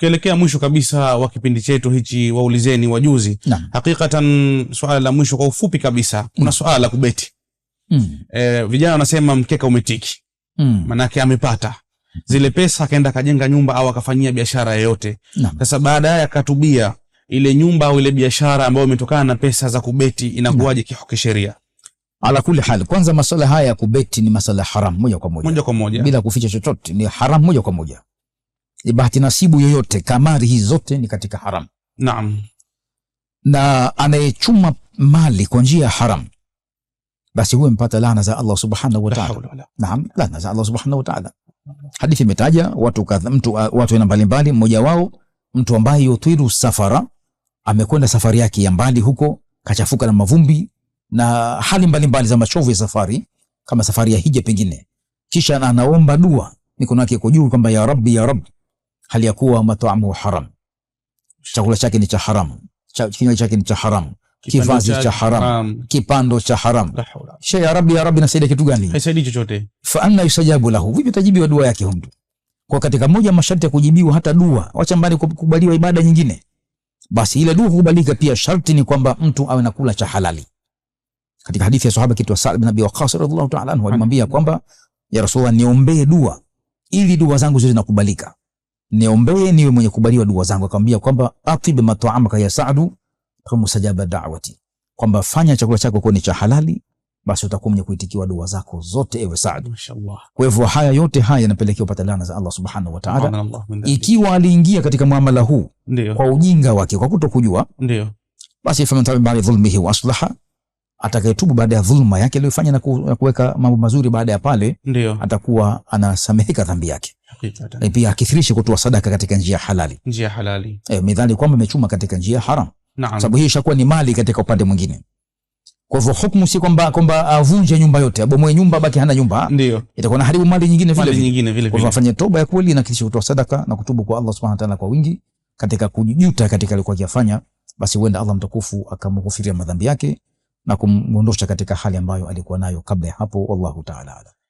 tukielekea mwisho kabisa wa kipindi chetu hichi waulizeni wajuzi na. Hakikatan, swala la mwisho kwa ufupi kabisa, kuna mm. swala la kubeti mm. E, vijana wanasema mkeka umetiki mm. Manake amepata zile pesa akaenda akajenga nyumba au akafanyia biashara yoyote. Sasa baadaye akatubia ile nyumba au ile biashara ambayo imetokana na pesa za kubeti, inakuwaje kisheria? Ala kuli hali kwanza masuala haya ya kubeti ni masuala haram moja kwa moja, moja kwa moja, bila kuficha chochote, ni haram moja kwa moja ni bahati nasibu yoyote, kamari hizi zote ni katika haram. Naam. Na anayechuma mali kwa njia ya haram basi huyo mpata laana za Allah subhanahu wa ta'ala. Naam, laana za Allah subhanahu wa ta'ala. Hadithi imetaja watu kadha, mtu uh, watu aina mbalimbali, mmoja wao mtu ambaye yutwiru safara, amekwenda safari yake ya mbali huko, kachafuka na mavumbi na hali mbalimbali za machovu ya safari, kama safari ya hija pengine, kisha anaomba dua, mikono yake iko juu kwamba ya rabbi ya rabbi hali ya kuwa mataamu haram, chakula chake ni cha haram, kinywa chake ni cha haram kivazi cha haram, kipando cha haram. Sheikh, ya Rabbi, ya Rabbi, nasaidia kitu gani? Haisaidii chochote. Fa anna yusajabu lahu, vipi tajibiwa dua yake huyu Kwa katika moja masharti ya kujibiwa hata dua, wacha mbali kukubaliwa ibada nyingine, basi ile dua kukubalika pia, sharti ni kwamba mtu awe na kula cha halali. Katika hadithi ya sahaba kitu wa Sa'd bin Abi Waqqas radhiallahu ta'ala anhu alimwambia kwamba ya Rasulullah, niombee dua ili dua zangu ziwe zinakubalika niombee niwe mwenye kubaliwa dua zangu. Akamwambia kwamba atib mat'amaka ya Saadu mustajaba da'wati, kwamba fanya chakula chako kuwa ni cha halali, basi utakuwa mwenye kuitikiwa dua zako zote, ewe Saad. Mashaallah. Kwa hivyo haya yote haya yanapelekea upate laana za Allah subhanahu wa ta'ala, ikiwa aliingia katika muamala huu Ndiyo. kwa ujinga wake, kwa kutokujua, ndio basi faman taba ba'da dhulmihi wa aslaha atakayetubu baada ya dhulma yake aliyofanya na kuweka mambo mazuri baada ya pale, ndio atakuwa anasameheka dhambi yake. E, pia akithirishe kutoa sadaka katika njia halali, njia halali. E, midhali kwamba amechuma katika njia haram, sababu hii ishakuwa ni mali katika upande mwingine. Kwa hivyo hukumu si kwamba kwamba avunje nyumba yote, abomoe nyumba, baki hana nyumba, ndio itakuwa na haribu mali nyingine vile mali nyingine vile. Kwa hivyo afanye toba ya kweli na kisha kutoa sadaka na kutubu kwa Allah subhanahu wa ta'ala kwa wingi katika kujuta katika alikuwa akifanya, basi huenda Allah mtukufu akamghufiria madhambi yake na kumuondosha katika hali ambayo alikuwa nayo kabla ya hapo. Wallahu ta'ala.